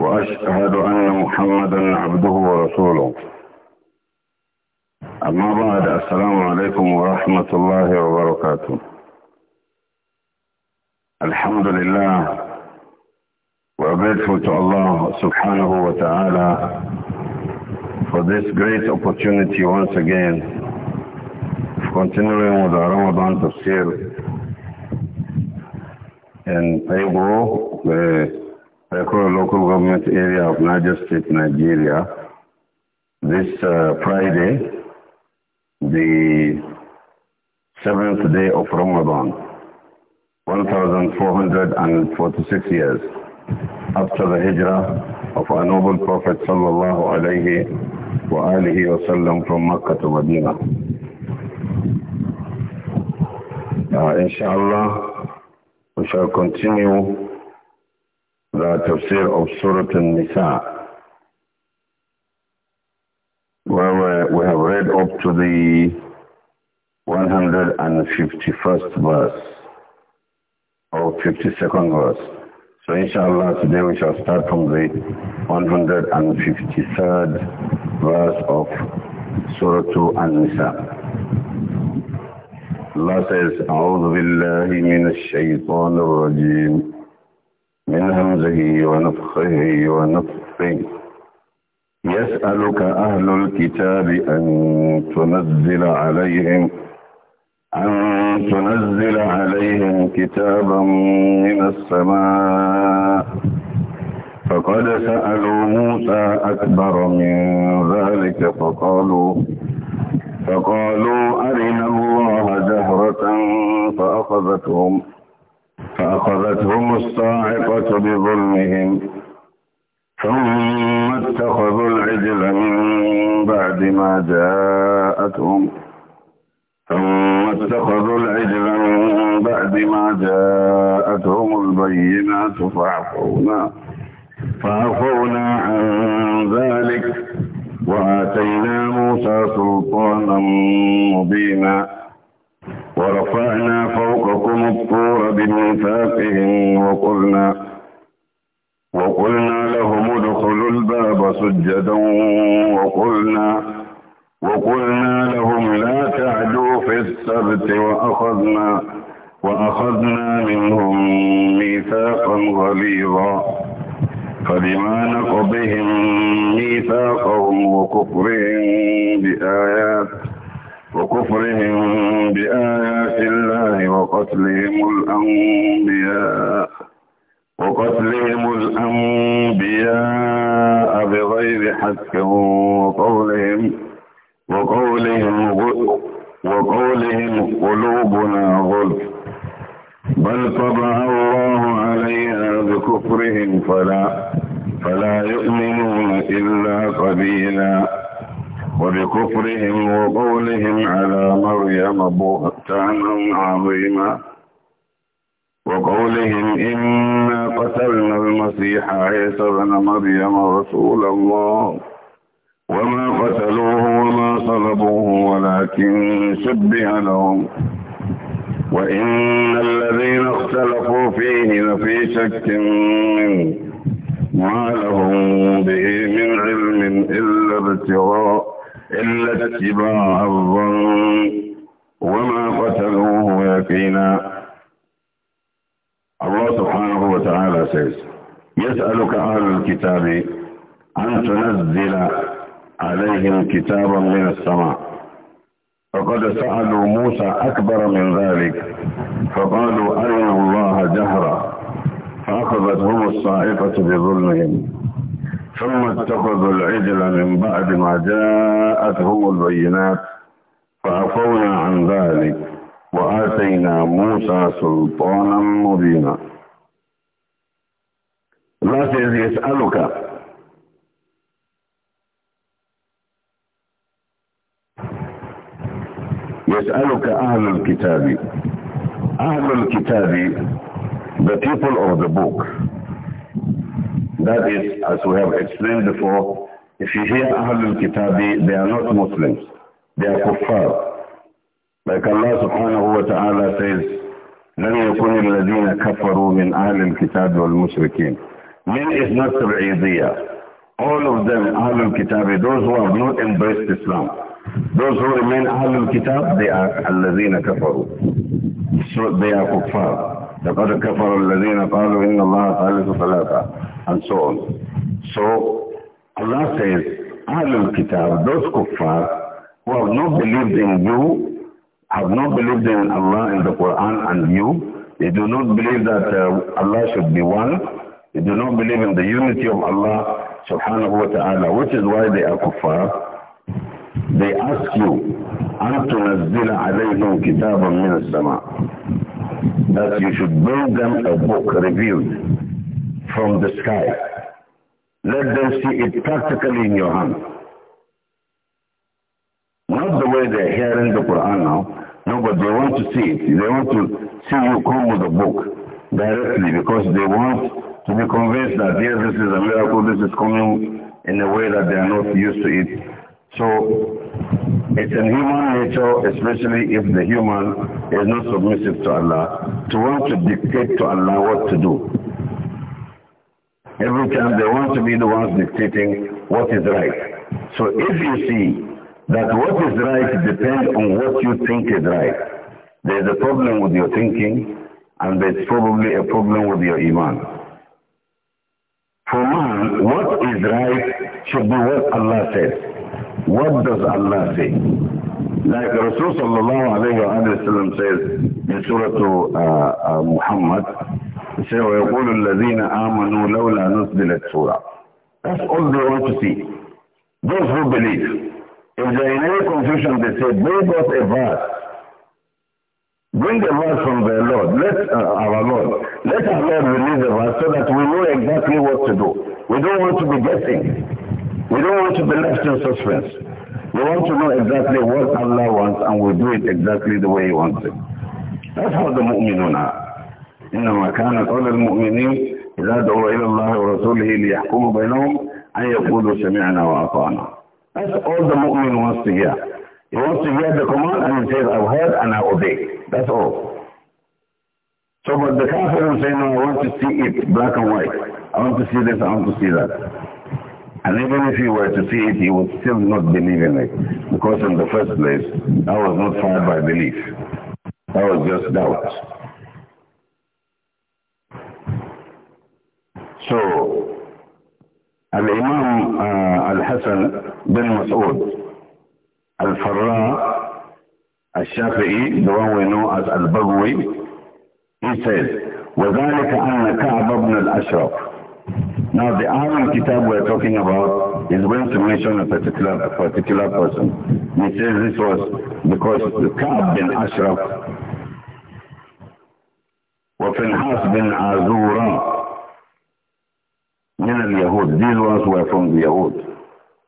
وأشهد أن محمدا عبده ورسوله أما بعد السلام عليكم ورحمة الله وبركاته الحمد لله وأبيته الله سبحانه وتعالى for this great opportunity once again of continuing with our Ramadan tafsir and I will Akura local government area of Niger State, Nigeria, this uh, Friday, the seventh day of Ramadan, 1446 years after the hijrah of our noble Prophet sallallahu alayhi wa alihi wasallam from Makkah to Medina. Uh, inshallah, we shall continue the tafsir of Surah An-Nisa, Well, we have read up to the 151st verse or 52nd verse. So inshallah today we shall start from the 153rd verse of Surah An-Nisa. Allah says, أعوذ بالله من الشيطان الرجيم من همزه ونفخه ونفخه يسألك أهل الكتاب أن تنزل عليهم أن تنزل عليهم كتابا من السماء فقد سألوا موسى أكبر من ذلك فقالوا فقالوا أرنا الله جهرة فأخذتهم فأخذتهم الصاعقة بظلمهم ثم اتخذوا العجل من بعد ما جاءتهم ثم اتخذوا العجل من بعد ما جاءتهم البينات فعفونا فعفونا عن ذلك وآتينا موسى سلطانا مبينا ورفعنا فوقكم الطور بميثاقهم وقلنا وقلنا لهم ادخلوا الباب سجدا وقلنا وقلنا لهم لا تعدوا في السبت وأخذنا وأخذنا منهم ميثاقا غليظا فبما نقضهم ميثاقهم وكفرهم بآية وكفرهم بآيات الله وقتلهم الأنبياء وقتلهم الأنبياء بغير حق وقولهم وقولهم وقولهم قلوبنا غلف بل طبع الله عليها بكفرهم فلا فلا يؤمنون إلا قليلا وبكفرهم وقولهم على مريم بهتانا عظيما وقولهم إنا قتلنا المسيح عيسى بن مريم رسول الله وما قتلوه وما صلبوه ولكن شبه لهم وإن الذين اختلفوا فيه لفي شك منه ما لهم به من علم إلا ابتغاء إلا اتباع الظن وما قتلوه يقينا الله سبحانه وتعالى سيس يسألك أهل الكتاب أن تنزل عليهم كتابا من السماء فقد سألوا موسى أكبر من ذلك فقالوا أرنا الله جهرا فأخذتهم الصائفة بظلمهم ثم اتخذوا العجل من بعد ما جاءتهم البينات فعفونا عن ذلك وآتينا موسى سلطانا مبينا الله يسألك يسألك أهل الكتاب أهل الكتاب the people of the book That is, as we have explained before, if you hear Ahlul Kitabi, they are not Muslims. They are kuffar. Like Allah subhanahu wa ta'ala says, لن يكون الذين كفروا من أهل الكتاب والمشركين. Min is not Tab'idiyah. All of them, Ahlul Kitabi, those who have not embraced Islam, those who remain Ahlul Kitab, they are الذين كفروا. So they are kuffar. لقد كفر الذين قالوا إن الله ثالث ثلاثة and so on. So Allah says, Ahlul Kitab, those kuffar who have not believed in you, have not believed in Allah in the Quran and you, they do not believe that uh, Allah should be one, they do not believe in the unity of Allah subhanahu wa ta'ala, which is why they are kuffar. They ask you, أن تنزل عليهم كتابا من السماء that you should bring them a book revealed from the sky. Let them see it practically in your hand. Not the way they're hearing the Quran now, no, but they want to see it. They want to see you come with a book directly because they want to be convinced that yes, this is a miracle, this is coming in a way that they are not used to it. So it's in human nature, especially if the human is not submissive to Allah, to want to dictate to Allah what to do. Every time they want to be the ones dictating what is right. So if you see that what is right depends on what you think is right, there's a problem with your thinking and there's probably a problem with your iman. For man, what is right should be what Allah says. What does Allah say? Like Rasul sallallahu alayhi wa sallam says in Surah uh, uh, Muhammad, say, وَيَقُولُ الَّذِينَ آمَنُوا لَوْلَا That's all they want to see. Those who believe. If they are in any confusion, they say, bring us a verse. Bring a verse from the Lord. Let uh, our Lord. Let our Lord release a verse so that we know exactly what to do. We don't want to be guessing. We don't want to be left in suspense. We want to know exactly what Allah wants and we do it exactly the way He wants it. That's how the mu'minun are. إنما كان قول المؤمنين إذا دعوا إلى الله ورسوله ليحكموا بينهم أن يقولوا سمعنا وأطعنا That's all the mu'min wants to hear. He wants to hear the command and he says, I've heard and I obey. That's all. So, but the kafir will say, no, I want to see it black and white. I want to see this, I want to see that. And even if he were to see it, he would still not believe in it. Because in the first place, that was not found by belief. That was just doubt. So, Al-Imam uh, Al-Hassan bin Mas'ud, Al-Farra, Al-Shafi'i, the one we know as Al-Bagwi, he says, وذلك أن كعب بن الأشرف Now the Ahlul Kitab we are talking about is going to mention a particular, a particular person. He says this was because Ka'b bin Ashraf وفنحاس بن عزورة من اليهود these ones were from the Yahud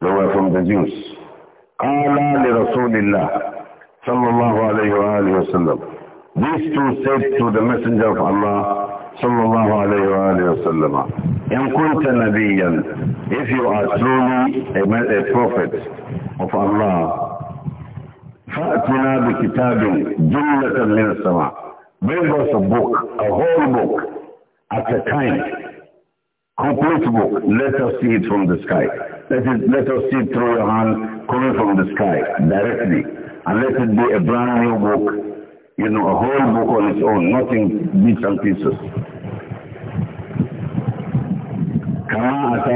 they were from the Jews قال لرسول الله صلى الله عليه وآله وسلم these two said to the messenger of Allah صلى الله عليه وآله وسلم إن كنت نبيا if you are truly a, prophet of Allah فأتنا بكتاب جملة من السماء bring us a book a whole book at a time Complete book. Let us see it from the sky. Let, it, let us see it through your hand coming from the sky directly. And let it be a brand new book. You know, a whole book on its own. Nothing bits and pieces. كما أتى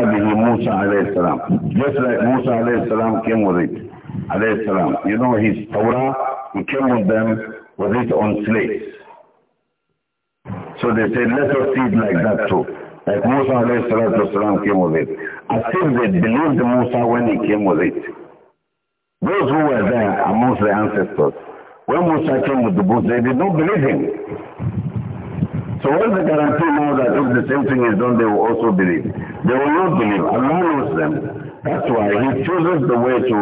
Just like Musa عليه السلام came with it. عليه You know his Torah, he came with them with it on slates. So they said, let us see it like that too. Like Musa والسلام, came with it. I think they believed Musa when he came with it. Those who were there amongst the ancestors, when Musa came with the book, they did not believe him. So what's the guarantee now that if the same thing is done, they will also believe? They will not believe. Allah knows them. That's why he chooses the way to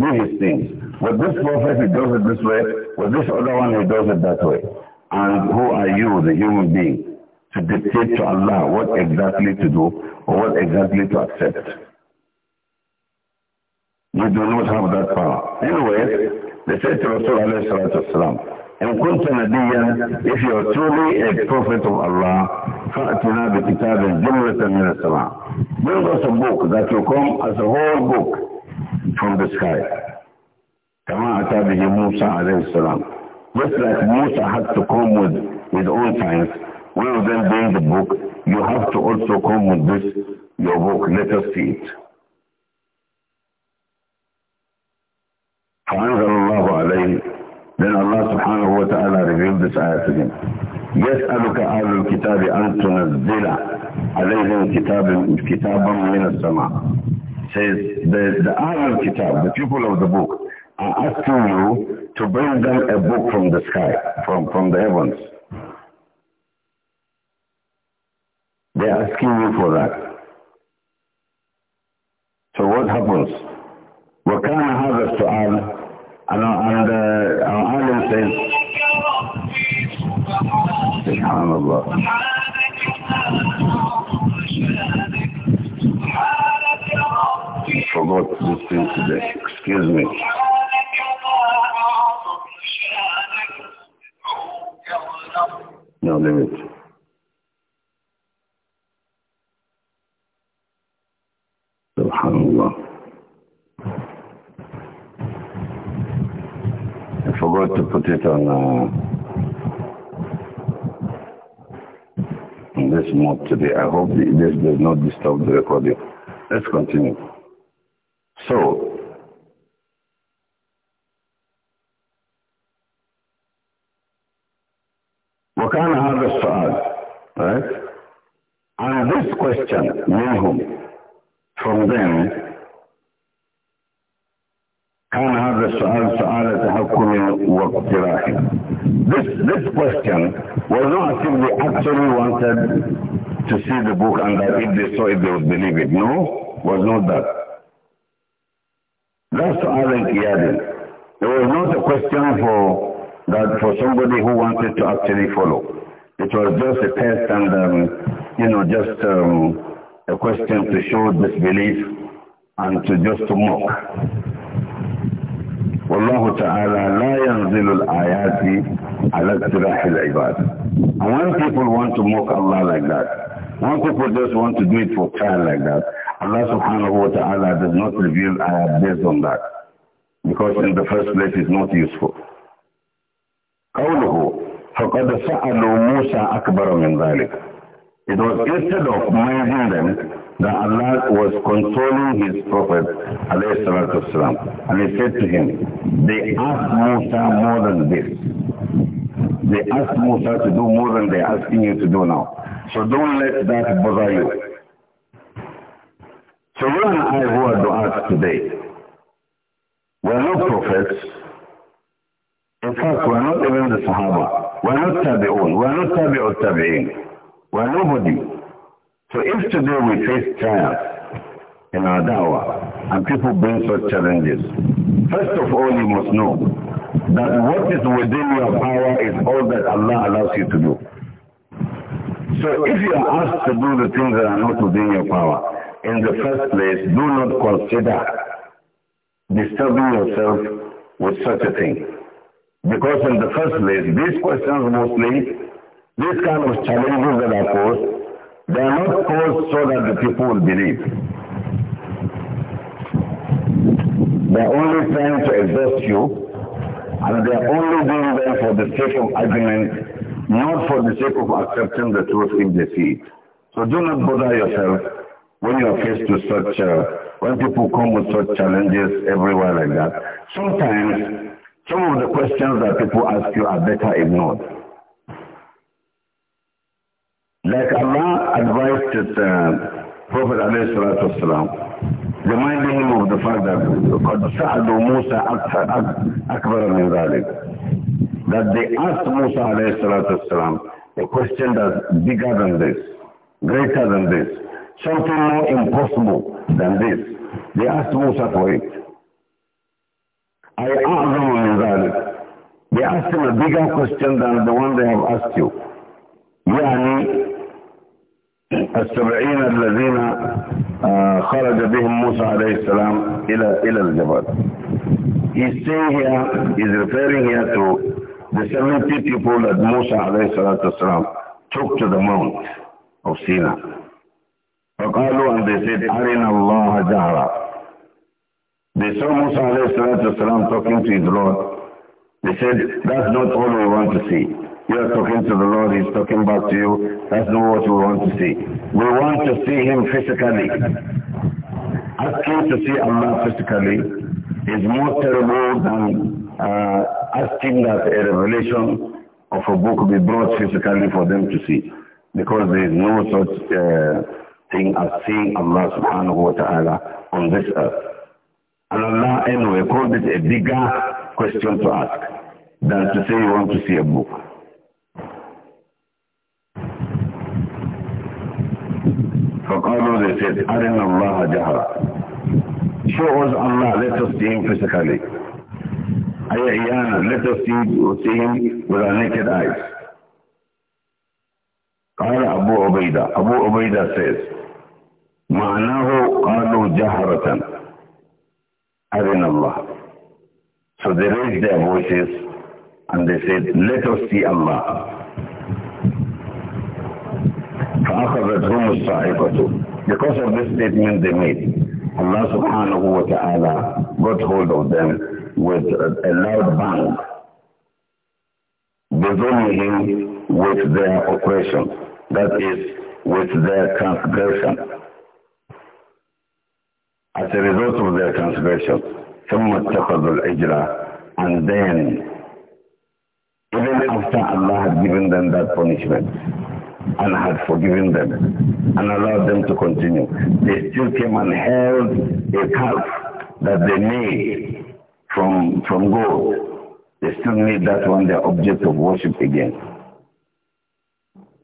do his things. With this prophet, he does it this way. With this other one, he does it that way. And who are you, the human being? to dictate to Allah what exactly to do or what exactly to accept. you do not have that power. Anyway, they said to Rasulullah إن كنت نبيا if you are truly a prophet of Allah فأتنا بكتاب جملة من السماء bring us a book that will come as a whole book from the sky كما just like Musa had to come with his own science one of bring the book, you have to also come with this, your book, let us see it. Then Allah subhanahu wa ta'ala revealed this ayah to him. يسألك أهل الكتاب أن تنزل عليهم كتاب كتابا من sama Says the, the Ahl al-Kitab, the people of the book, are asking you to bring them a book from the sky, from, from the heavens. They're asking you for that. So what happens? وَكَانَ هَذَا السُّؤَالَ and, and uh, our alim says, SubhanAllah. forgot this thing today. Excuse me. No, leave it. put on, uh, this mode today. I hope this does not disturb the recording. Let's continue. So, وكان هذا السؤال right? And this question منهم from them كان هذا السؤال سؤال this, this question was not if they actually wanted to see the book and that if they saw it they would believe it. No, was not that. That's Alan It was not a question for that for somebody who wanted to actually follow. It was just a test and, um, you know, just um, a question to show disbelief and to just to mock. والله تعالى لا ينزل الآيات على اقتراح العباد. And when people want to mock Allah like that, when people just want to do it for fun like that, Allah subhanahu wa ta'ala does not reveal ayat based on that. Because in the first place it's not useful. قوله فقد سألوا موسى أكبر من ذلك. It was instead of minding them, that Allah was controlling his prophet والسلام, and he said to him, they asked Musa more than this. They asked Musa to do more than they're asking you to do now. So don't let that bother you. So you and I who are du'as today, we're not prophets. In fact, we're not even the Sahaba. We're not tabi'un. We're not tabi'ut tabi'in. We're nobody. So if today we face trials in our dawah and people bring such challenges, first of all you must know that what is within your power is all that Allah allows you to do. So if you are asked to do the things that are not within your power, in the first place, do not consider disturbing yourself with such a thing. Because in the first place, these questions mostly, these kind of challenges that are posed, they are not caused so that the people will believe. They are only trying to exhaust you, and they are only doing them for the sake of argument, not for the sake of accepting the truth in they see So do not bother yourself when you are faced with such, uh, when people come with such challenges everywhere like that. Sometimes, some of the questions that people ask you are better ignored. Like Allah advised his, uh, Prophet والسلام, reminding him of the fact that God سَعْدُوا مُوسَى أَكْبَرَ Al That they asked Musa والسلام, a question that's bigger than this, greater than this, something more impossible than this. They asked Musa for it. I asked مِنْ They asked him a bigger question than the one they have asked you. السبعين الذين خرج بهم Musa عليه السلام إلى إلى الجبل. He's saying here, he's referring here to the 70 people that Musa عليه الصلاة took to the mount of Sina. فقالوا and they said, أرنا الله جهرا. They saw Musa عليه الصلاة talking to his Lord. They said, that's not all we want to see. You are talking to the Lord, He's talking back to you. That's not what we want to see. We want to see Him physically. Asking to see Allah physically is more terrible than uh, asking that a revelation of a book be brought physically for them to see. Because there is no such uh, thing as seeing Allah subhanahu wa ta'ala on this earth. And Allah anyway called it a bigger question to ask than to say you want to see a book. فقالوا they said أرنا الله جهرا show us Allah let us see him physically أيعيانا let us see, see him with our naked eyes قال أبو عبيدة أبو عبيدة says معناه قالوا جهرة أرنا الله so they raised their voices and they said let us see Allah because of this statement they made Allah subhanahu wa ta'ala got hold of them with a loud bang befalling with their oppression that is with their transgression as a result of their transgression ثم اتخذوا العجلة and then even after Allah had given them that punishment and had forgiven them and allowed them to continue. They still came and held a calf that they made from, from gold. They still made that one their object of worship again.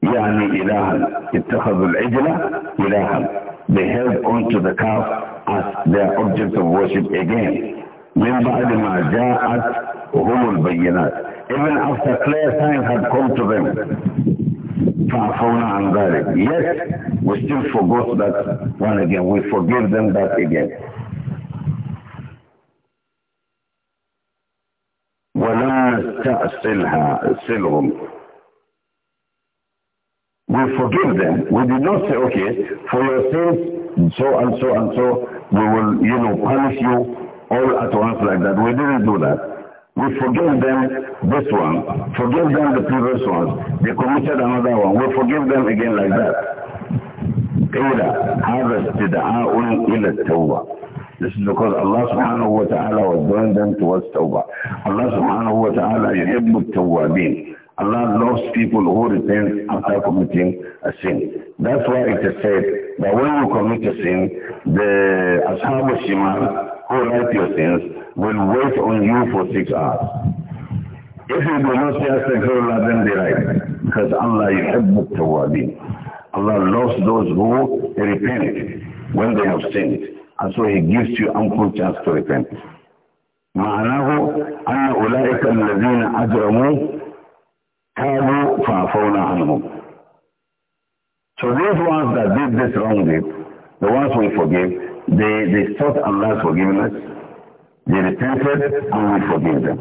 يعني إلها اتخذوا العجلة إلها They held on to the calf as their object of worship again. من بعد ما جاءت هم البينات. Even after clear signs had come to them, فعفونا عن ذلك yet we still forgot that one again we forgive them that again we forgive them. We did not say, okay, for your sins, so and so and so, we will, you know, punish you all at once like that. We didn't do that. We forgive them this one, forgive them the previous ones. They committed another one. We forgive them again like that. Qila, هذا استدعاء إلى التوبة. This is because Allah subhanahu wa ta'ala was doing them towards tawbah. Allah subhanahu wa ta'ala yuhibbu tawwabin. Allah loves people who repent after committing a sin. That's why it is said that when you commit a sin, the Ashab al-Shimal who write your sins, will wait on you for six hours. If you do not say astaghfirullah, then they right. Because Allah yuhibbu tawabin. Allah loves those who repent when they have sinned. And so He gives you ample chance to repent. معناه أن أولئك الذين أجرموا كانوا فعفونا عنهم. So those ones that did this wrongly, the ones we forgive, they, they sought Allah's forgiveness They repented and we forgive them.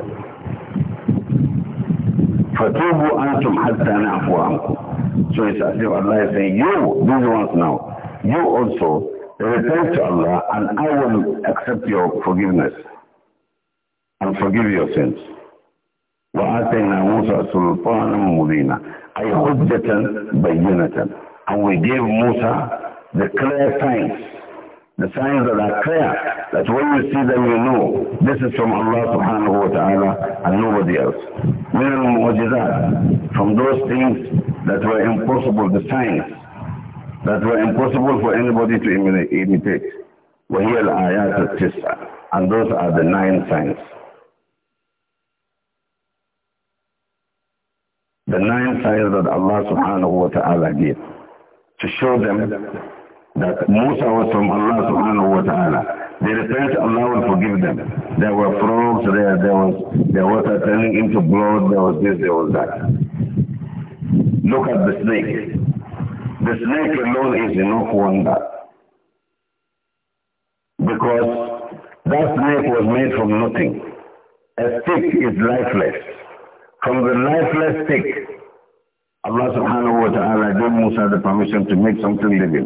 فَتُوبُوا أَنْتُمْ حَتَّى نَعْفُوا عَنْكُمْ So it's as if Allah is saying, you, these ones now, you also, repent to Allah and I will accept your forgiveness and forgive your sins. وآتينا مُوسَى سُلْطَانًا مُّذِينًا أي حجة بينة and we gave Musa the clear signs the signs that are clear, that when you see them you know, this is from Allah subhanahu wa ta'ala and nobody else. Min al-mu'jizat, from those things that were impossible, the signs that were impossible for anybody to imitate. وَهِيَ الْآيَاتُ التِّسْعَةِ And those are the nine signs. The nine signs that Allah subhanahu wa ta'ala gave to show them that Musa was from Allah subhanahu wa ta'ala. They repent, Allah will forgive them. There were frogs there, there was the water turning into blood, there was this, there was that. Look at the snake. The snake alone is enough wonder. Because that snake was made from nothing. A stick is lifeless. From the lifeless stick, Allah subhanahu wa ta'ala gave Musa the permission to make something living.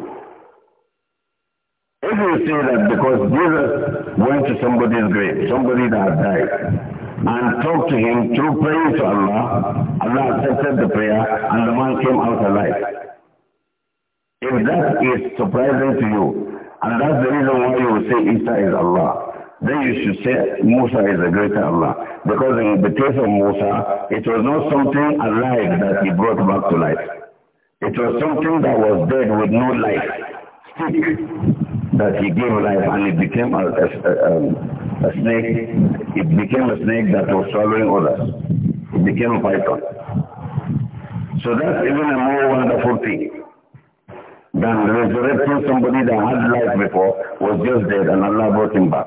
If you say that because Jesus went to somebody's grave, somebody that had died, and talked to him through praying to Allah, Allah accepted the prayer and the man came out alive. If that is surprising to you, and that's the reason why you will say Isa is Allah, then you should say Musa is a greater Allah. Because in the case of Musa, it was not something alive that he brought back to life. It was something that was dead with no life. Speak that he gave life and it became a, a, a, um, a snake. It became a snake that was swallowing others. It became a python. So that's even a more wonderful thing than resurrecting somebody that had life before, was just dead and Allah brought him back.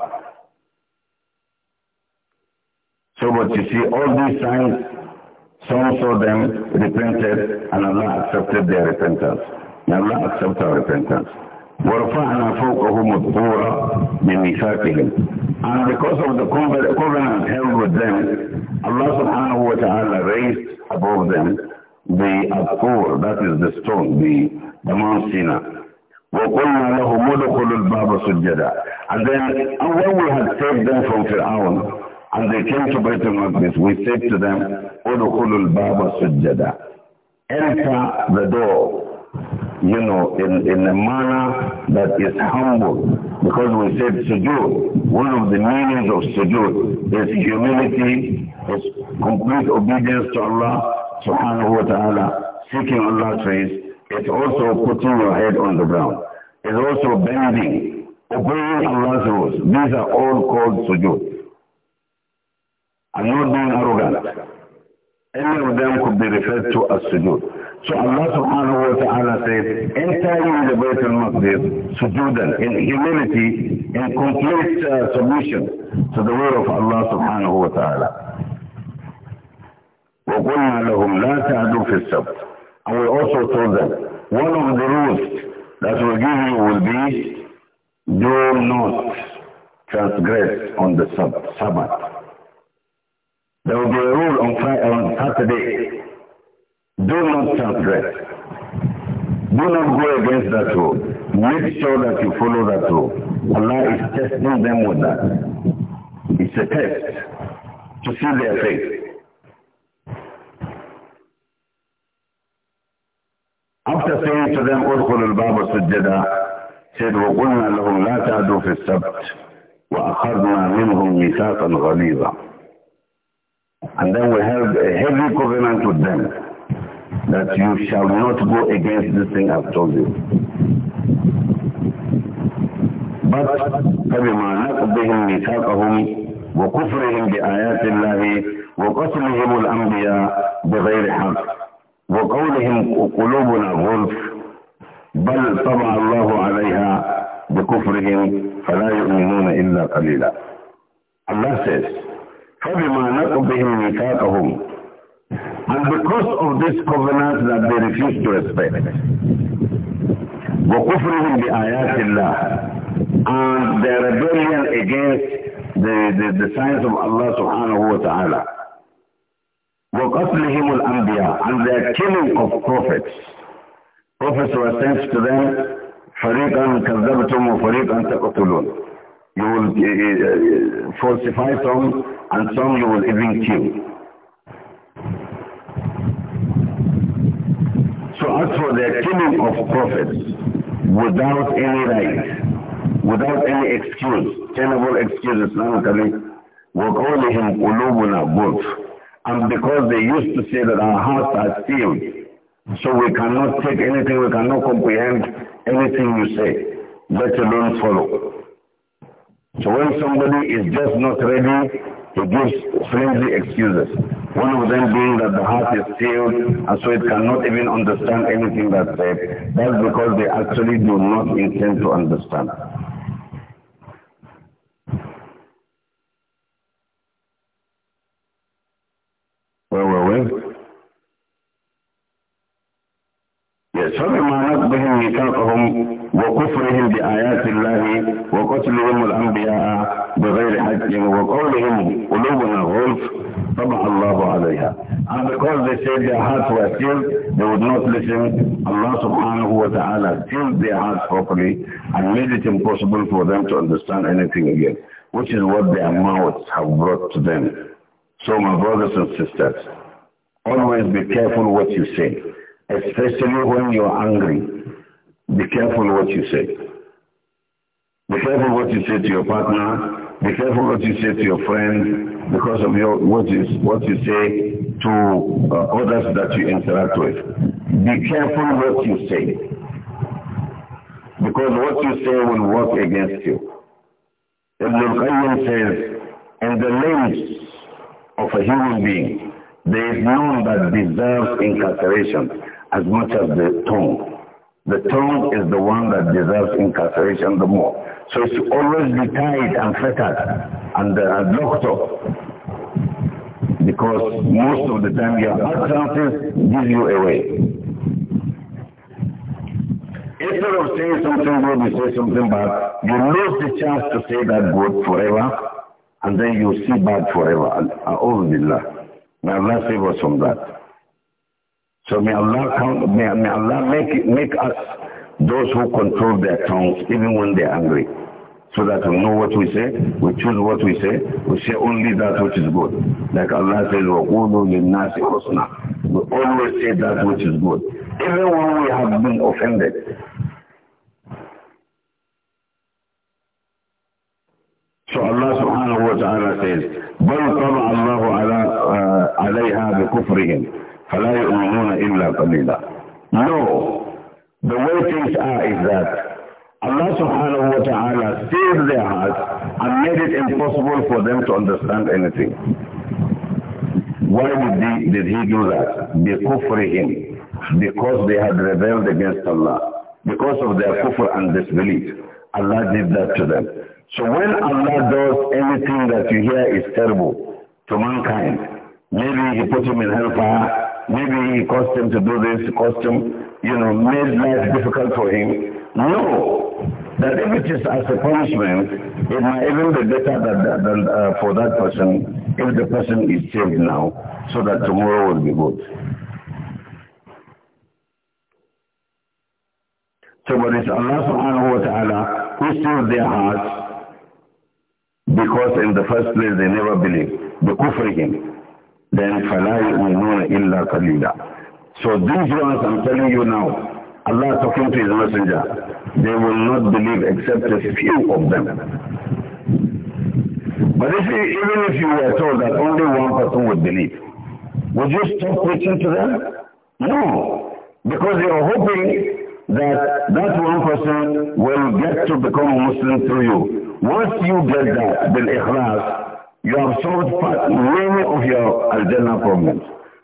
So but you see, all these signs, some saw them, repented, and Allah accepted their repentance. And Allah accepted our repentance. وَرَفَعْنَا فَوْقَهُمُ الطُّورَ بِمِيثَاقِهِمْ And because of the covenant held with them, Allah subhanahu wa ta'ala raised above them the At-Tur, that is the stone, the, the Mount Sinai. وقلنا لهم ادخلوا الباب سجدا and then and when we had saved them from Fir'aun and they came to Beit al-Maqdis we said to them ادخلوا الباب سجدا enter the door you know, in, in a manner that is humble. Because we said sujood, one of the meanings of sujood is humility, is complete obedience to Allah subhanahu wa ta'ala, seeking Allah's face. It's also putting your head on the ground. It's also bending, obeying Allah's rules. These are all called sujood. I'm not being arrogant. Any of them could be referred to as sujood. So Allah subhanahu wa ta'ala says, entering the Baitul Maqdis, sujudan, in humility, in complete uh, submission to the will of Allah subhanahu wa ta'ala. وَقُلْنَا لَهُمْ لَا تَعْدُوا فِي السَّبْتِ And we also told them, one of the rules that we give you will be, do not transgress on the Sabbath. There will be a rule on, Friday, on Saturday do not transgress. Do not go against that rule. Make sure that you follow that rule. Allah is testing them with that. It's a test to see their faith. After saying to them, أدخل الباب سجدا said, وقلنا لهم لا تعدوا في السبت وأخذنا منهم ميثاقا غليظا And then we held a heavy covenant with them. that you shall not go against this thing I've told you. But فبما نقضهم ميثاقهم وكفرهم بآيات الله وقتلهم الأنبياء بغير حق وقولهم قلوبنا غلف بل طبع الله عليها بكفرهم فلا يؤمنون إلا قليلا. Allah says, فَبِمَا نقضهم ميثاقهم And because of this covenant that they refused to respect, وَكُفْرِهِمْ بِآيَاتِ اللَّهِ And their rebellion against the, the, the signs of Allah subhanahu wa ta'ala. وَقَتْلِهِمُ الْأَنْبِيَاءِ And their killing of prophets. Prophets were sent to them فريقا كذبتم وفريقا تقتلون you will uh, uh, falsify some and some you will even kill as for the killing of prophets without any right, without any excuse, tenable excuses, Islamically, وَقَوْلِهِمْ قُلُوبُنَا and because they used to say that our hearts are sealed, so we cannot take anything, we cannot comprehend anything you say, let alone follow. So when somebody is just not ready he gives flimsy excuses. One of them being that the heart is sealed and so it cannot even understand anything that's said. That's because they actually do not intend to understand. Where were we? Yes, فبما نقضهم ميثاقهم وكفرهم بآيات الله وقتلهم الأنبياء بغير وقولهم قلوبنا غلف طبع الله عليها and because they said their hearts were sealed they would not listen Allah subhanahu wa ta'ala sealed their hearts properly and made it impossible for them to understand anything again which is what their mouths have brought to them so my brothers and sisters always be careful what you say especially when you are angry be careful what you say be careful what you say to your partner be careful what you say to your friends because of your what is what you say to uh, others that you interact with. Be careful what you say because what you say will work against you. Ibn Qayyim says, in the limbs of a human being, there is none that deserves incarceration as much as the tongue. The tongue is the one that deserves incarceration the more. So it's always be tied and fettered and uh, locked up because most of the time you your something, give you away. Instead of saying something good, you say something bad. You lose the chance to say that good forever and then you see bad forever. Alhamdulillah. Uh, may Allah save us from that. So may Allah count, may, may Allah make, make us those who control their tongues even when they are angry. So that we know what we say, we choose what we say, we say only that which is good. Like Allah says, We always say that which is good. Even when we have been offended, So Allah subhanahu wa ta'ala says, بَلْ طَبَعَ اللَّهُ على, uh, عَلَيْهَا بِكُفْرِهِمْ فَلَا يُؤْمِنُونَ إِلَّا قَلِيلًا No, the way things are is that Allah subhanahu wa ta'ala sealed their hearts and made it impossible for them to understand anything. Why did he, did he do that? him, Because they had rebelled against Allah. Because of their kufr and disbelief. Allah did that to them. So when Allah does anything that you hear is terrible to mankind, maybe he put him in hellfire, maybe he caused him to do this, caused him, you know, made life difficult for him. No, that if it is as a punishment, it might even be better uh, for that person if the person is saved now, so that tomorrow will be good. So what is it's Allah subhanahu wa ta'ala who seals their hearts because in the first place they never believe. The him then فَلَا يُؤْمِنُونَ illa قَلِيلًا So these ones I'm telling you now, Allah talking to his messenger, they will not believe except a few of them. But if, even if you were told that only one person would believe, would you stop preaching to them? No, because you are hoping that that one person will get to become a Muslim through you. Once you get that, then ikhlas, You have solved many of your Al-Jannah problems.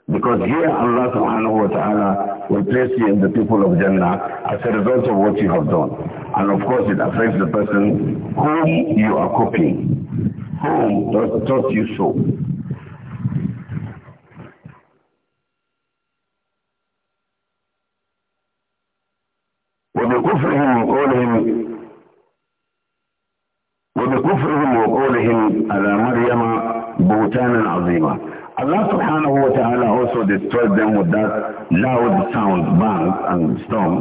Because here Allah subhanahu wa ta'ala will place you in the people of Jannah as a result of what you have done. And of course it affects the person whom you are copying, whom taught you so. وبكفرهم وقولهم وكفرهم وقولهم على مريم بهتانا عظيما Allah subhanahu wa ta'ala also destroyed them with that loud sound, bang and storm.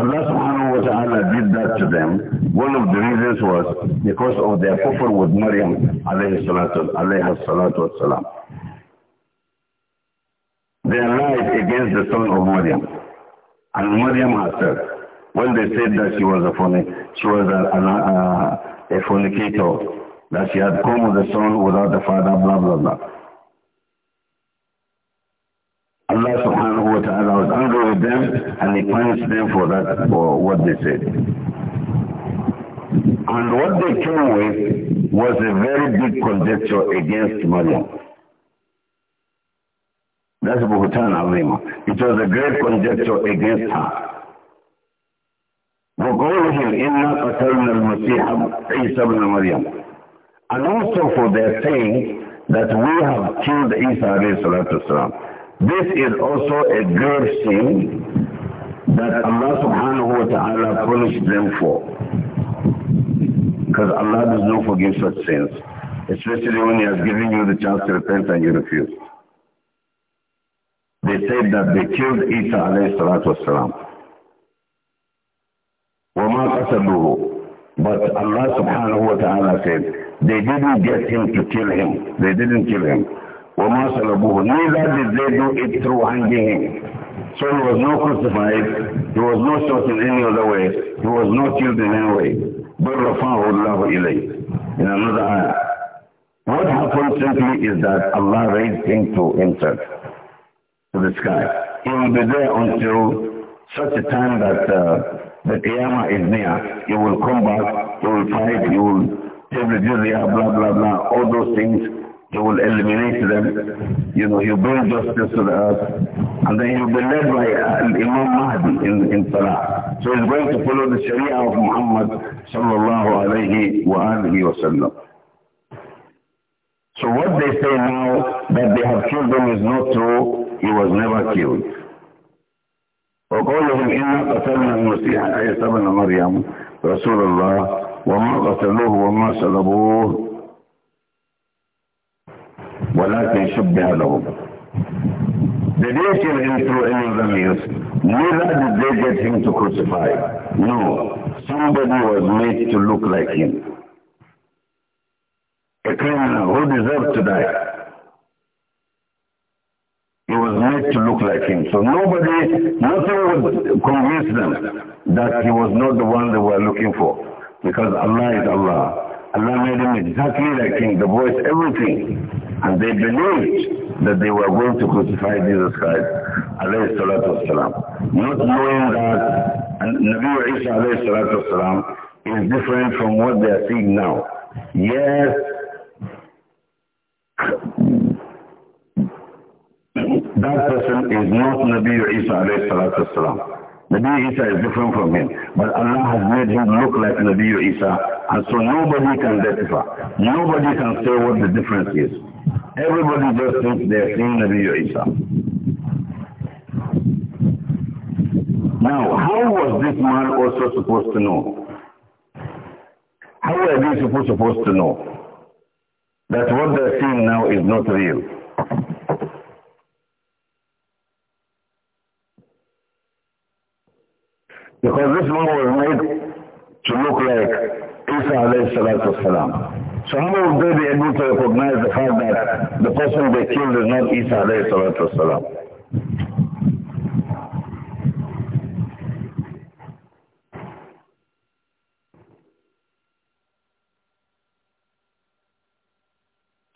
Allah subhanahu wa ta'ala did that to them. One of the reasons was because of their kufr with Maryam alayhi salatu, alayhi salatu They lied against the son of Maryam. And Maryam herself, when they said that she was a phony, she was a, a, a uh, a fornicator, that she had come with a son without the father, blah, blah, blah. Allah subhanahu wa ta'ala was angry with them and he punished them for that, for what they said. And what they came with was a very big conjecture against Maryam. That's Bhutan Alima. It was a great conjecture against her. وقولهم إنا قتلنا المسيح عيسى بن مريم and also for their saying that we have killed Isa alayhi This is also a grave sin that Allah subhanahu wa ta'ala punished them for. Because Allah does not forgive such sins, especially when He has given you the chance to repent and you refuse. They said that they killed Isa alayhi قَتَلُوهُ But Allah subhanahu wa ta'ala said, they didn't get him to kill him. They didn't kill him. وَمَا صَلَبُوهُ Neither did they do it through hanging him. So he was not crucified. He was not shot in any other way. He was not killed in any way. بَلْ رَفَاهُ اللَّهُ إِلَيْهِ In another ayah. What happened simply is that Allah raised him to himself, to the sky. He will be there until such a time that uh, the Qiyamah is near, you will come back, you will fight, you will take the jizya, blah, blah, blah, all those things, you will eliminate them. You know, you bring justice to the earth, and then you'll be led by uh, Imam Mahdi in, in Salah. So he's going to follow the Sharia of Muhammad sallallahu alayhi wa alihi wa sallam. So what they say now that they have killed him is not true. He was never killed. وقولهم إنا قتلنا المسيح عيسى بن مريم رسول الله وما قتلوه وما صلبوه ولكن شبه لهم Did they kill him through any of the means? Neither did they get him to crucify. No, somebody was made to look like him. A criminal who deserved to die. was made to look like him. So nobody, nothing would convince them that he was not the one they were looking for. Because Allah is Allah. Allah made him exactly like him, the voice, everything. And they believed that they were going to crucify Jesus Christ, alayhi salatu wasalam. Not knowing that Nabi Isa, alayhi salatu wasalam, is different from what they are seeing now. Yes, that person is not Nabi Isa alayhi salatu wasalam. Nabi Isa is different from him. But Allah has made him look like Nabi Isa. And so nobody can tell. Nobody can say what the difference is. Everybody just thinks they're seeing Nabi Isa. Now, how was this man also supposed to know? How are they supposed to know that what they're seeing now is not real? Because this man was made to look like Isa alayhi salatu salam. So how would they be able to recognize the fact that the person they killed is not Isa alayhi salatu salam?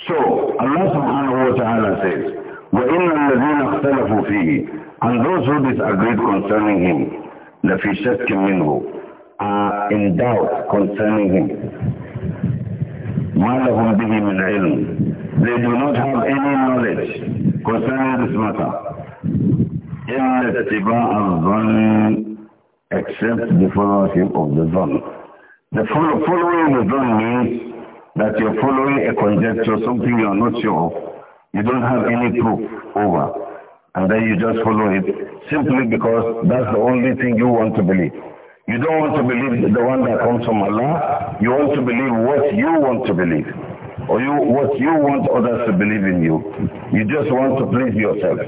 So Allah subhanahu wa ta'ala says, وَإِنَّ الَّذِينَ اخْتَلَفُوا فِيهِ And those who disagreed concerning him, لفي شك منه are in doubt concerning him ما لهم به من علم they do not have any knowledge concerning this matter إلا اتباع الظن except the following of the zone. The follow, following the zone means that you're following a conjecture, something you are not sure of. You don't have any proof over. And then you just follow it simply because that's the only thing you want to believe. You don't want to believe the one that comes from Allah. You want to believe what you want to believe. Or you, what you want others to believe in you. You just want to please yourself.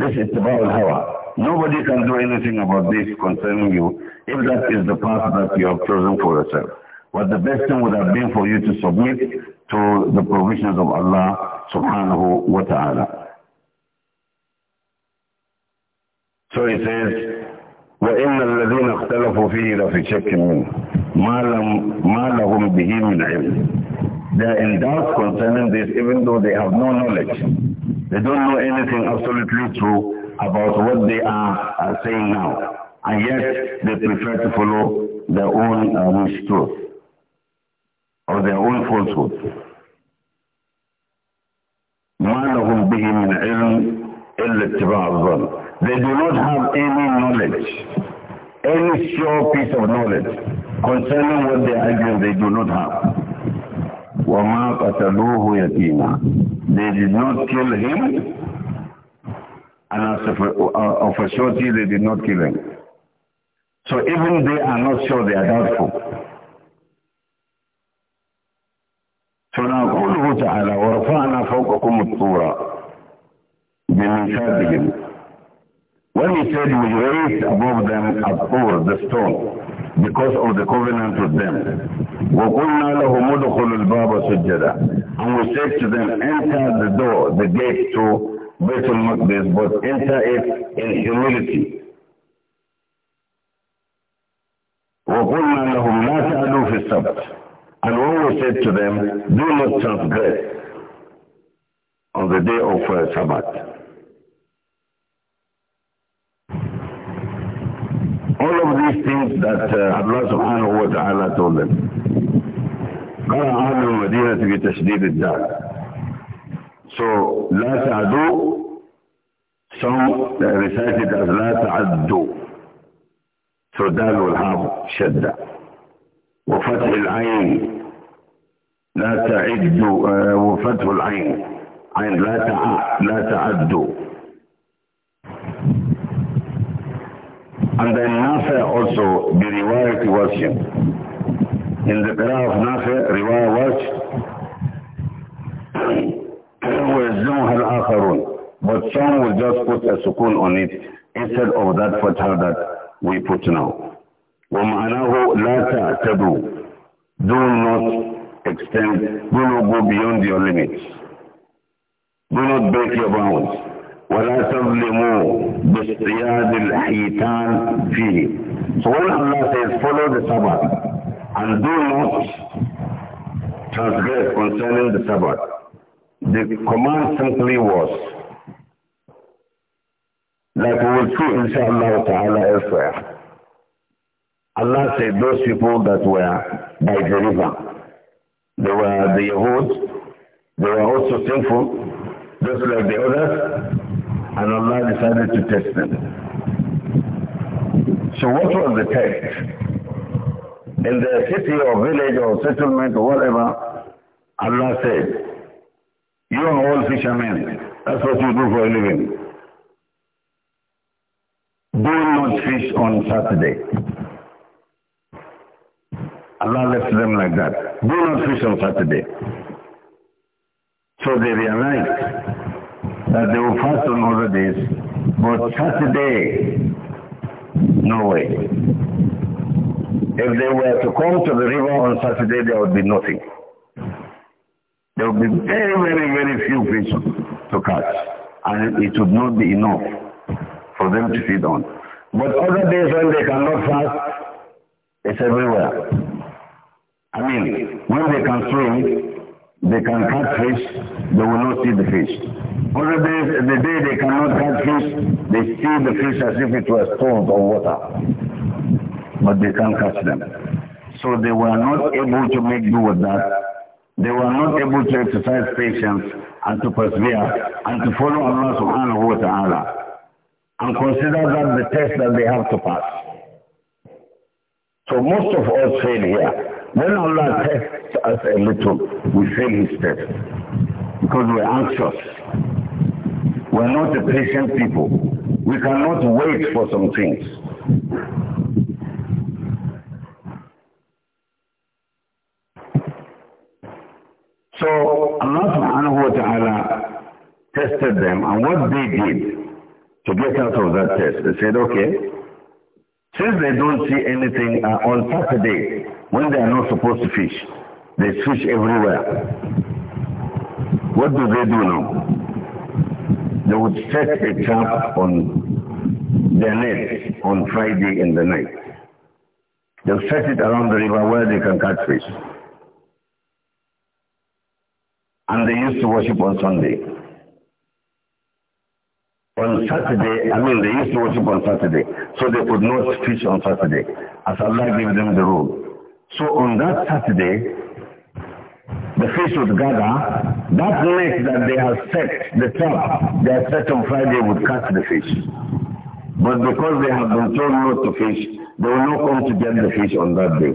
This is the Tabal Hawa. Nobody can do anything about this concerning you if that is the path that you have chosen for yourself. But the best thing would have been for you to submit to the provisions of Allah subhanahu wa ta'ala. So he says, وَإِنَّ الَّذِينَ اخْتَلَفُوا فِيهِ لَفِي شَكٍ مِنْهُ مَا لَهُمْ بِهِ مِنْ عِلْمٍ They are in doubt concerning this even though they have no knowledge. They don't know anything absolutely true about what they are, are saying now. And yet they prefer to follow their own uh, mistruth or their own falsehood. ما لهم به من علم إلا اتباع الظن They do not have any knowledge, any sure piece of knowledge concerning what they doing. they do not have. وَمَا قَتَلُوهُ يَتِيمًا They did not kill him, and as of a, uh, of a surety they did not kill him. So even they are not sure, they are doubtful. So now فنقوله تعالى ورفعنا فوقكم الطور بميثاقهم when he said we raised above them above the stone because of the covenant with them. وَقُلْنَا لَهُمُ دُخُلُ الْبَابَ سُجَّدًا And we said to them, enter the door, the gate to Baitul Maqdis, but enter it in humility. وَقُلْنَا لَهُمْ لَا فِي السَّبْتِ And when we said to them, do not transgress on the day of uh, Sabbath. these things that uh, Allah subhanahu wa ta'ala told them. قال أهل المدينة بتشديد الدال. So, لا تعدو, some uh, recited as لا تعدو. So, دال والهاء شدة. وفتح العين لا تعدوا آه، وفتح العين عين لا تعدوا. And then Nafi also, the riwayat was him. In the era of Nafi, riwayat was وَيَزْدُمُهَا الْآخَرُونَ But some will just put a sukun on it instead of that fatah that we put now. وَمَعَنَاهُ لَا تَعْتَدُوا Do not extend, do not go beyond your limits. Do not break your bounds. ولا تظلموا باصطياد الحيتان فيه. So when Allah says follow the Sabbath and do not transgress concerning the Sabbath, the command simply was like we will see inshallah ta'ala elsewhere. Allah said those people that were by the river, they were the Yahud, they were also sinful, just like the others, And Allah decided to test them. So what was the test? In the city or village or settlement or whatever, Allah said, you are all fishermen. That's what you do for a living. Do not fish on Saturday. Allah left them like that. Do not fish on Saturday. So they realized that they will fast on other days, but Saturday, no way. If they were to come to the river on Saturday, there would be nothing. There would be very, very, very few fish to catch, and it would not be enough for them to feed on. But other days when they cannot fast, it's everywhere. I mean, when they can swim, they can catch fish, they will not see the fish. Other days, the day they cannot catch fish, they see the fish as if it was stones or water. But they can't catch them. So they were not able to make do with that they were not able to exercise patience and to persevere and to follow Allah subhanahu wa ta'ala and consider that the test that they have to pass. So most of us fail here. When Allah tests us a little, we fail his test because we're anxious. We're not a patient people. We cannot wait for some things. So Allah subhanahu wa ta'ala tested them and what they did to get out of that test, they said, okay, since they don't see anything uh, on Saturday, when they are not supposed to fish, they fish everywhere. What do they do now? They would set a trap on their net on Friday in the night. They'll set it around the river where they can catch fish. And they used to worship on Sunday on Saturday, I mean, they used to worship on Saturday, so they could not preach on Saturday, as Allah gave them the rule. So on that Saturday, the fish would gather, that net that they have set, the trap they are set on Friday would catch the fish. But because they have been told not to fish, they will not come to get the fish on that day.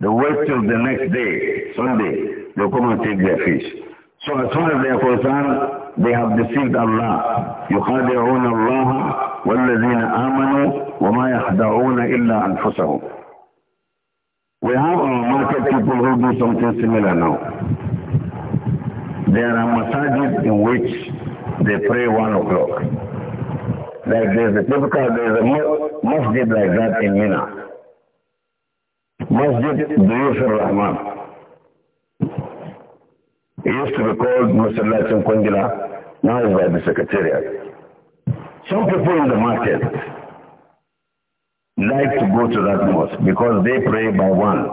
They wait till the next day, Sunday, they'll come and take their fish. So as far as they are concerned, they have deceived Allah يخادعون الله والذين آمنوا وما يخدعون إلا أنفسهم We have our market people who do something similar now. There are massages in which they pray one o'clock. Like there's a typical, there's a masjid like that in Mina. Masjid Duyufir Rahman. It used to be called Musallatin Kwangila, now it's by the Secretariat. Some people in the market like to go to that mosque because they pray by one.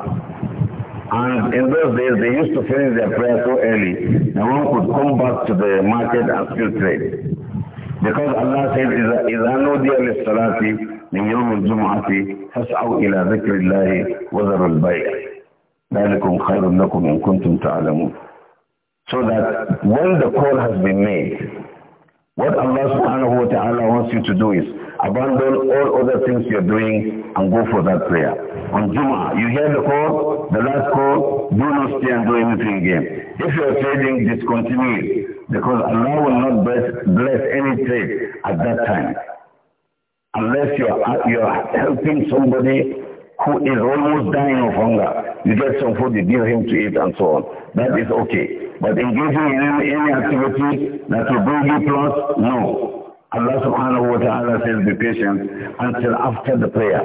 And in those days, they used to finish their prayer so early that one could come back to the market and still pray. Because Allah said, إِذَا نُودِيَ لِلصَّلَاةِ مِنْ يَوْمِ الْجُمْعَةِ فَاسْعَوْا إِلَى ذِكْرِ اللَّهِ وَذَرُوا الْبَيْعَ ذَلِكُمْ خَيْرٌ لَكُمْ إِن كُنتُمْ تَعْلَمُونَ so that when the call has been made, what Allah subhanahu wa ta'ala wants you to do is abandon all other things you're doing and go for that prayer. On Juma, you hear the call, the last call, do not stay and do anything again. If you're trading, discontinue because Allah will not bless, bless any trade at that time. Unless you're, you're helping somebody who is almost dying of hunger, you get some food, you give him to eat and so on. That is okay. But engaging in any, any activity that will bring you plus, no. Allah subhanahu wa ta'ala says be patient until after the prayer.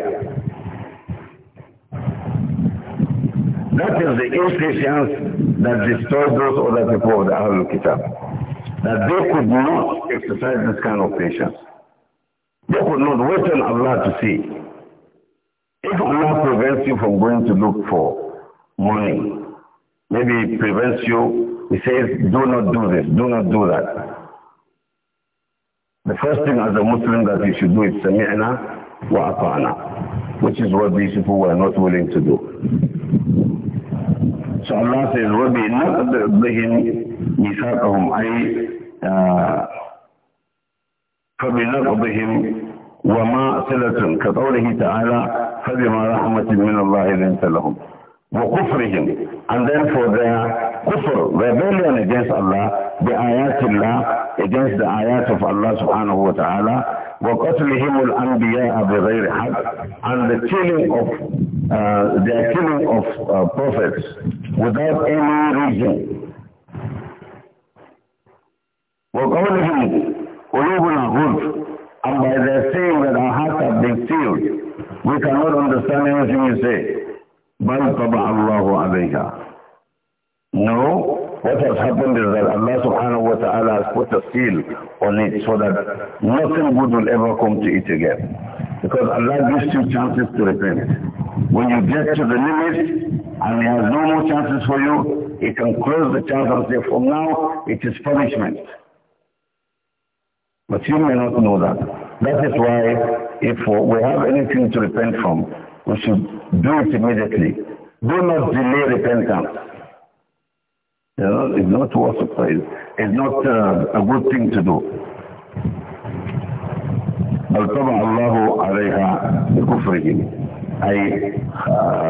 That is the impatience that destroys those other people of the Ahlul Kitab. That they could not exercise this kind of patience. They could not wait on Allah to see. If Allah prevents you from going to look for money, maybe it prevents you, he says, do not do this, do not do that. The first thing as a Muslim that you should do is sami'na wa ata'na, which is what these people were not willing to do. So Allah says, رَبِّ لَا أَبْدِهِمْ مِثَاقَهُمْ أي فَبِلَا أَبْدِهِمْ وَمَا سِلَةٌ كقوله تعالى فبما رحمة من الله لنت لهم وكفرهم and then for their كفر rebellion against Allah بآيات الله against the آيات of Allah سبحانه وتعالى وقتلهم الأنبياء بغير حق and the killing of uh, the killing of uh, prophets without any reason وقولهم قلوبنا غلف and by their saying that our hearts have been sealed We cannot understand anything you say. بَلْ طَبَعَ No, what has happened is that Allah subhanahu wa ta'ala has put a seal on it so that nothing good will ever come to it again. Because Allah gives you chances to repent. When you get to the limit, and he has no more chances for you, he can close the chance and say, from now, it is punishment. But you may not know that. That is why if we have anything to repent from, we should do it immediately. Do not delay repentance. You know, it's not worth it. It's not uh, a good thing to do. بل طبع الله عليها بكفرهم أي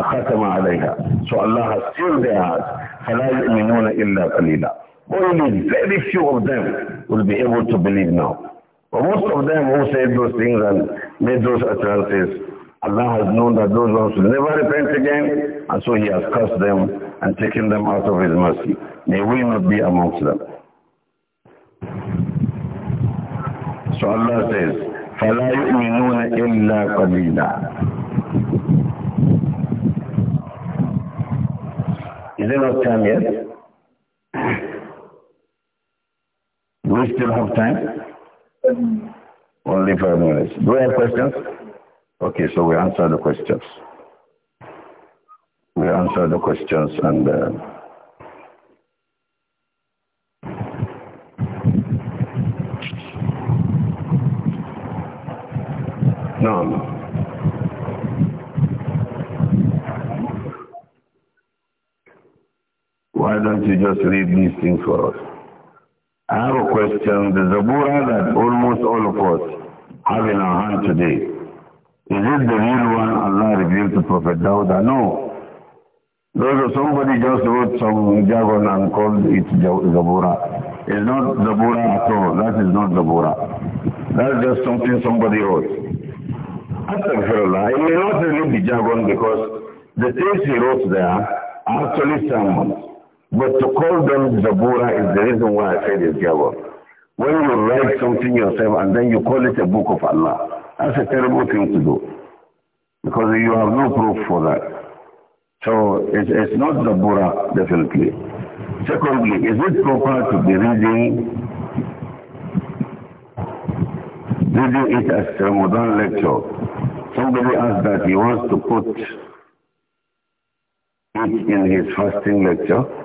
ختم عليها so Allah has sealed their hearts فلا يؤمنون إلا قليلا only very few of them will be able to believe now but most of them who say those things and made those utterances, Allah has known that those ones will never repent again, and so He has cursed them and taken them out of His mercy. May we not be amongst them. So Allah says, فَلَا يُؤْمِنُونَ إِلَّا قَلِيلًا Is there not time yet? Do we still have time? Only five minutes. Do you have questions? Okay, so we answer the questions. We answer the questions and... Uh, No. Why don't you just read these things for us? I have a question. The Zabura that almost all of us have in our hand today, is it the real one Allah revealed to Prophet Dawud? No. Those are somebody just wrote some jargon and called it Zabura. It's not Zabura at all. That is not Zabura. That's just something somebody wrote. Astaghfirullah. It may not really be jargon because the things he wrote there are actually sermons. But to call them Zabura is the reason why I said it's Jawab. When you write something yourself and then you call it a book of Allah, that's a terrible thing to do. Because you have no proof for that. So it's, it's not Zabura, definitely. Secondly, is it proper to be reading reading it as a Ramadan lecture? Somebody asked that he wants to put it in his fasting lecture.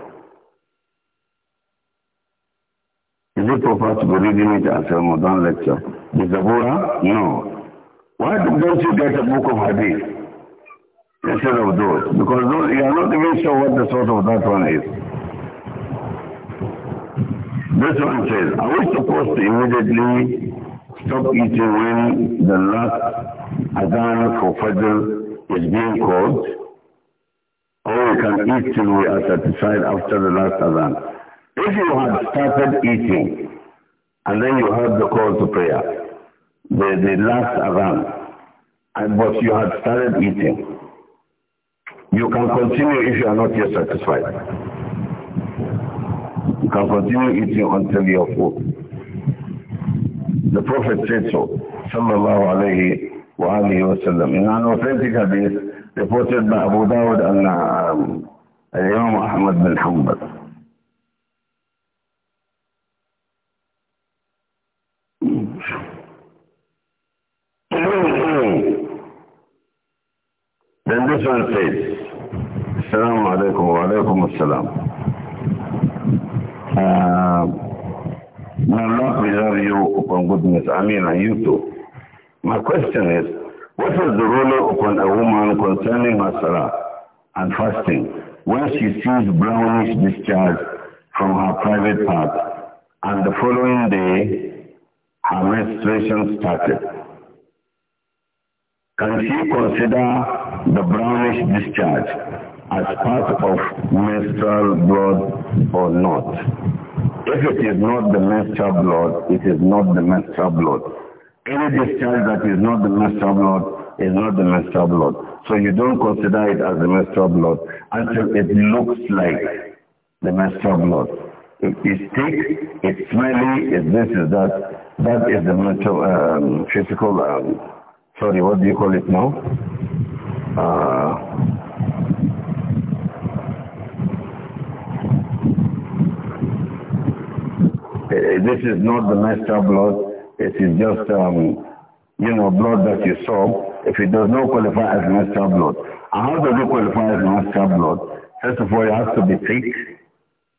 Is Prophet to be reading it as a Ramadan lecture? The Zabura? No. Why don't you get a book of hadith instead of those? Because those, you are not even sure what the source of that one is. This one says, are we supposed to immediately stop eating when the last Adhan for Fajr is being called? Or we can eat till we are satisfied after the last Adhan? If you had started eating and then you heard the call to prayer, the, the last around, and but you had started eating, you can continue if you are not yet satisfied. You can continue eating until you are full. The Prophet said so, sallallahu alayhi wa alihi wa sallam. In an authentic hadith reported by Abu Dawud and um, Imam Ahmad bin Hanbal. This one says, Assalamu alaikum wa alaikum assalam. Uh, may Allah preserve you upon goodness. I mean, and you My question is, what is the role upon a woman concerning her salah and fasting when she sees brownish discharge from her private part and the following day her menstruation started? Can she consider the brownish discharge as part of menstrual blood or not. If it is not the menstrual blood, it is not the menstrual blood. Any discharge that is not the menstrual blood is not the menstrual blood. So you don't consider it as the menstrual blood until it looks like the menstrual blood. It is thick, it's smelly, it this is that. That is the menstrual um, physical, um, sorry, what do you call it now? uh, eh, eh, this is not the master blood. It is just, um, you know, blood that you saw. If it does not qualify as master blood. And how does it qualify as master blood? First of all, it has to be thick.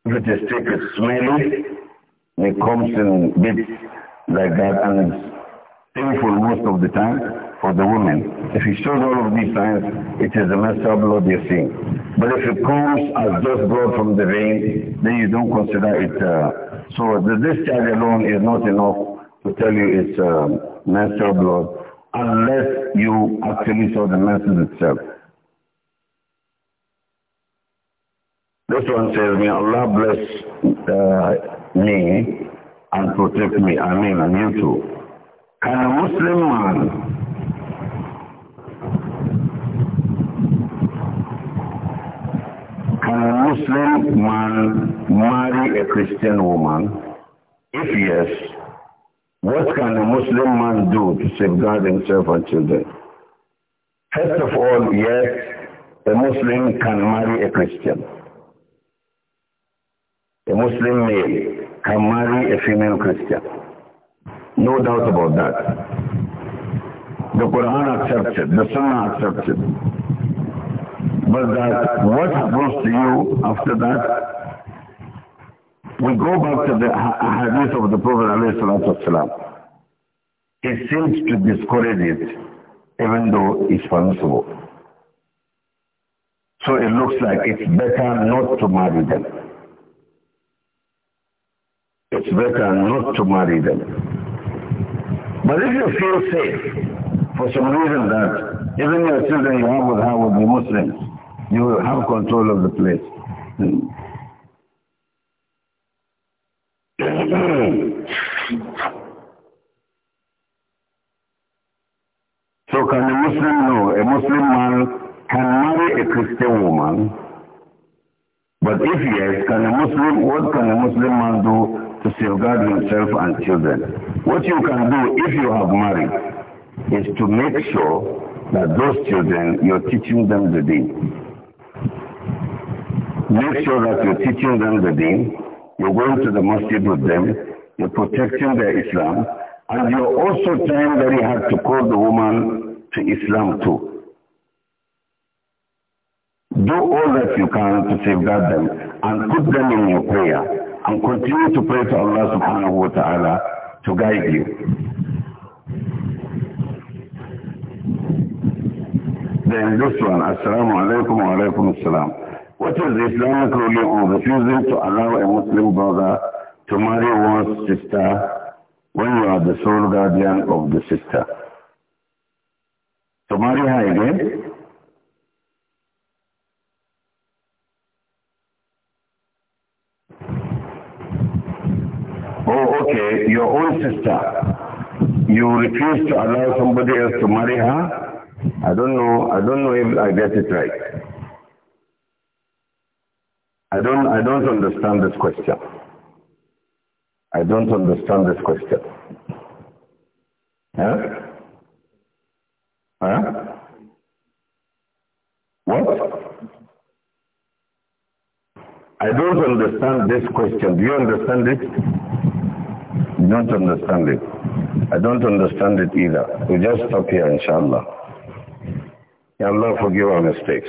If it is thick, it's smelly. It comes in bits like that and it's painful most of the time for the woman. If he shows all of these signs, it is a menstrual blood you're seeing. But if it comes as just blood from the vein, then you don't consider it. Uh, so the discharge alone is not enough to tell you it's uh, menstrual blood unless you actually saw the menstruation itself. This one says, may Allah bless uh, me and protect me. I mean, and you too. Can a Muslim man a Muslim man marry a Christian woman? If yes, what can a Muslim man do to safeguard himself and children? First of all, yes, a Muslim can marry a Christian. A Muslim male can marry a female Christian. No doubt about that. The Quran accepts it. The Sunnah accepts it. But that what happens to you after that, we go back to the hadith of the Prophet ﷺ. It seems to discourage it, even though it's permissible. So it looks like it's better not to marry them. It's better not to marry them. But if you feel safe, for some reason that even your children you have with her will be Muslims, you will have control of the place. so can a Muslim know? A Muslim man can marry a Christian woman, but if yes, can a Muslim, what can a Muslim man do to safeguard himself and children. What you can do if you have married is to make sure that those children, you're teaching them the deen. Make sure that you're teaching them the deen, you're going to the masjid with them, you're protecting their Islam, and you're also trying very hard to call the woman to Islam too. Do all that you can to safeguard them and put them in your prayer and continue to pray to Allah subhanahu wa ta'ala to guide you. Then this one, Assalamu alaikum wa alaikum assalam. What is the Islamic ruling on refusing to allow a Muslim brother to marry one's sister when you are the sole guardian of the sister? To marry her again? Oh, okay, your own sister. You refuse to allow somebody else to marry her? I don't know, I don't know if I get it right. I don't, I don't understand this question. I don't understand this question. Huh? Huh? What? I don't understand this question. Do you understand it? You don't understand it. I don't understand it either. we just stop here, inshallah. May Allah forgive our mistakes.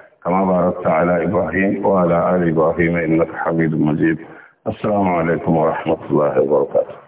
كما باركت على إبراهيم وعلى آل إبراهيم إنك حميد مجيد السلام عليكم ورحمة الله وبركاته